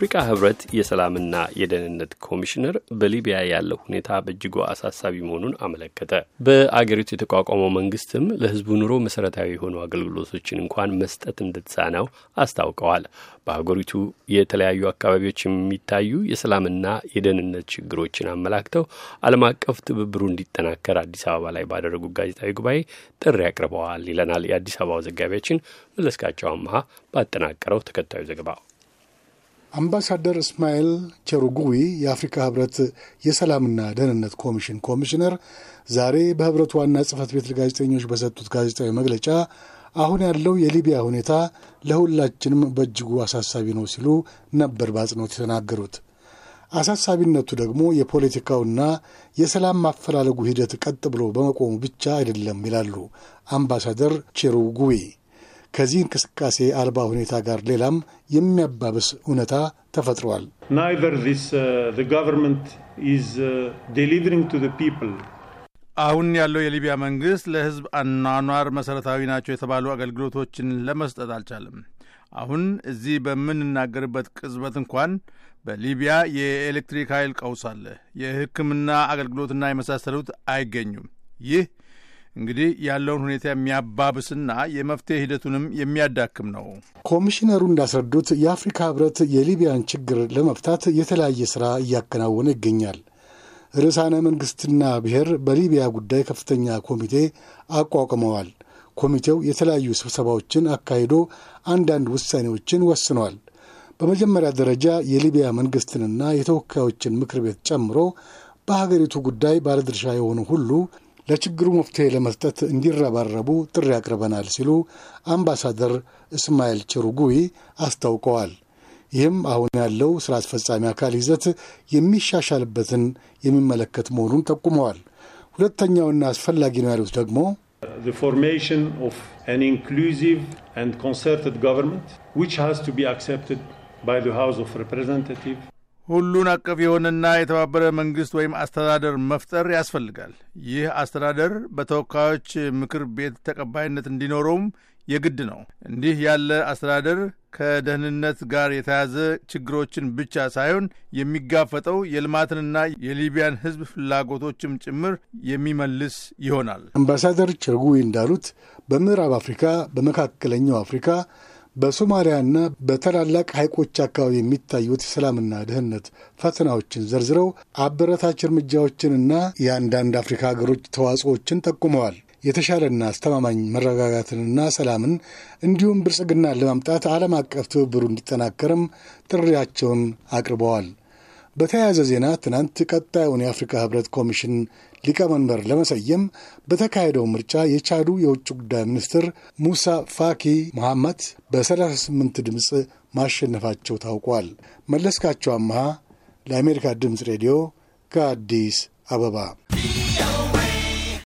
የአፍሪቃ ህብረት የሰላምና የደህንነት ኮሚሽነር በሊቢያ ያለው ሁኔታ በእጅጉ አሳሳቢ መሆኑን አመለከተ። በአገሪቱ የተቋቋመው መንግስትም ለህዝቡ ኑሮ መሰረታዊ የሆኑ አገልግሎቶችን እንኳን መስጠት እንደተሳነው አስታውቀዋል። በአገሪቱ የተለያዩ አካባቢዎች የሚታዩ የሰላምና የደህንነት ችግሮችን አመላክተው ዓለም አቀፍ ትብብሩ እንዲጠናከር አዲስ አበባ ላይ ባደረጉት ጋዜጣዊ ጉባኤ ጥሪ አቅርበዋል ይለናል የአዲስ አበባው ዘጋቢያችን መለስካቸው አመሀ ባጠናቀረው ተከታዩ ዘገባው። አምባሳደር እስማኤል ቸሩጉዊ የአፍሪካ ህብረት የሰላምና ደህንነት ኮሚሽን ኮሚሽነር ዛሬ በህብረቱ ዋና ጽህፈት ቤት ለጋዜጠኞች በሰጡት ጋዜጣዊ መግለጫ አሁን ያለው የሊቢያ ሁኔታ ለሁላችንም በእጅጉ አሳሳቢ ነው ሲሉ ነበር በአጽንኦት የተናገሩት። አሳሳቢነቱ ደግሞ የፖለቲካውና የሰላም ማፈላለጉ ሂደት ቀጥ ብሎ በመቆሙ ብቻ አይደለም ይላሉ አምባሳደር ቸሩጉዊ። ከዚህ እንቅስቃሴ አልባ ሁኔታ ጋር ሌላም የሚያባብስ እውነታ ተፈጥሯል። uh, uh, አሁን ያለው የሊቢያ መንግስት ለህዝብ አኗኗር መሰረታዊ ናቸው የተባሉ አገልግሎቶችን ለመስጠት አልቻለም። አሁን እዚህ በምንናገርበት ቅጽበት እንኳን በሊቢያ የኤሌክትሪክ ኃይል ቀውስ አለ። የሕክምና አገልግሎትና የመሳሰሉት አይገኙም። ይህ እንግዲህ ያለውን ሁኔታ የሚያባብስና የመፍትሄ ሂደቱንም የሚያዳክም ነው። ኮሚሽነሩ እንዳስረዱት የአፍሪካ ህብረት የሊቢያን ችግር ለመፍታት የተለያየ ስራ እያከናወነ ይገኛል። ርዕሳነ መንግስትና ብሔር በሊቢያ ጉዳይ ከፍተኛ ኮሚቴ አቋቁመዋል። ኮሚቴው የተለያዩ ስብሰባዎችን አካሂዶ አንዳንድ ውሳኔዎችን ወስኗል። በመጀመሪያ ደረጃ የሊቢያ መንግስትንና የተወካዮችን ምክር ቤት ጨምሮ በሀገሪቱ ጉዳይ ባለድርሻ የሆኑ ሁሉ ለችግሩ መፍትሄ ለመስጠት እንዲረባረቡ ጥሪ አቅርበናል ሲሉ አምባሳደር እስማኤል ችሩጉዊ አስታውቀዋል። ይህም አሁን ያለው ስራ አስፈጻሚ አካል ይዘት የሚሻሻልበትን የሚመለከት መሆኑን ጠቁመዋል። ሁለተኛውና አስፈላጊ ነው ያሉት ደግሞ ፎርሜሽን ኦፍ አን ኢንክሉዚቭ ኮንሰርትድ ገቨርንመንት ዊች ሃዝ ቱ ቢ አክሰፕትድ ባይ ሃውስ ኦፍ ሁሉን አቀፍ የሆነና የተባበረ መንግስት ወይም አስተዳደር መፍጠር ያስፈልጋል። ይህ አስተዳደር በተወካዮች ምክር ቤት ተቀባይነት እንዲኖረውም የግድ ነው። እንዲህ ያለ አስተዳደር ከደህንነት ጋር የተያዘ ችግሮችን ብቻ ሳይሆን የሚጋፈጠው የልማትንና የሊቢያን ሕዝብ ፍላጎቶችም ጭምር የሚመልስ ይሆናል። አምባሳደር ቸርጉዊ እንዳሉት በምዕራብ አፍሪካ፣ በመካከለኛው አፍሪካ በሶማሊያና በታላላቅ ሐይቆች አካባቢ የሚታዩት የሰላምና ደህንነት ፈተናዎችን ዘርዝረው አበረታች እርምጃዎችንና የአንዳንድ አፍሪካ ሀገሮች ተዋጽኦዎችን ጠቁመዋል። የተሻለና አስተማማኝ መረጋጋትንና ሰላምን እንዲሁም ብልጽግናን ለማምጣት ዓለም አቀፍ ትብብሩ እንዲጠናከርም ጥሪያቸውን አቅርበዋል። በተያያዘ ዜና ትናንት ቀጣዩን የአፍሪካ ህብረት ኮሚሽን ሊቀመንበር ለመሰየም በተካሄደው ምርጫ የቻዱ የውጭ ጉዳይ ሚኒስትር ሙሳ ፋኪ መሐመት በ38 ድምፅ ማሸነፋቸው ታውቋል። መለስካቸው አመሃ ለአሜሪካ ድምፅ ሬዲዮ ከአዲስ አበባ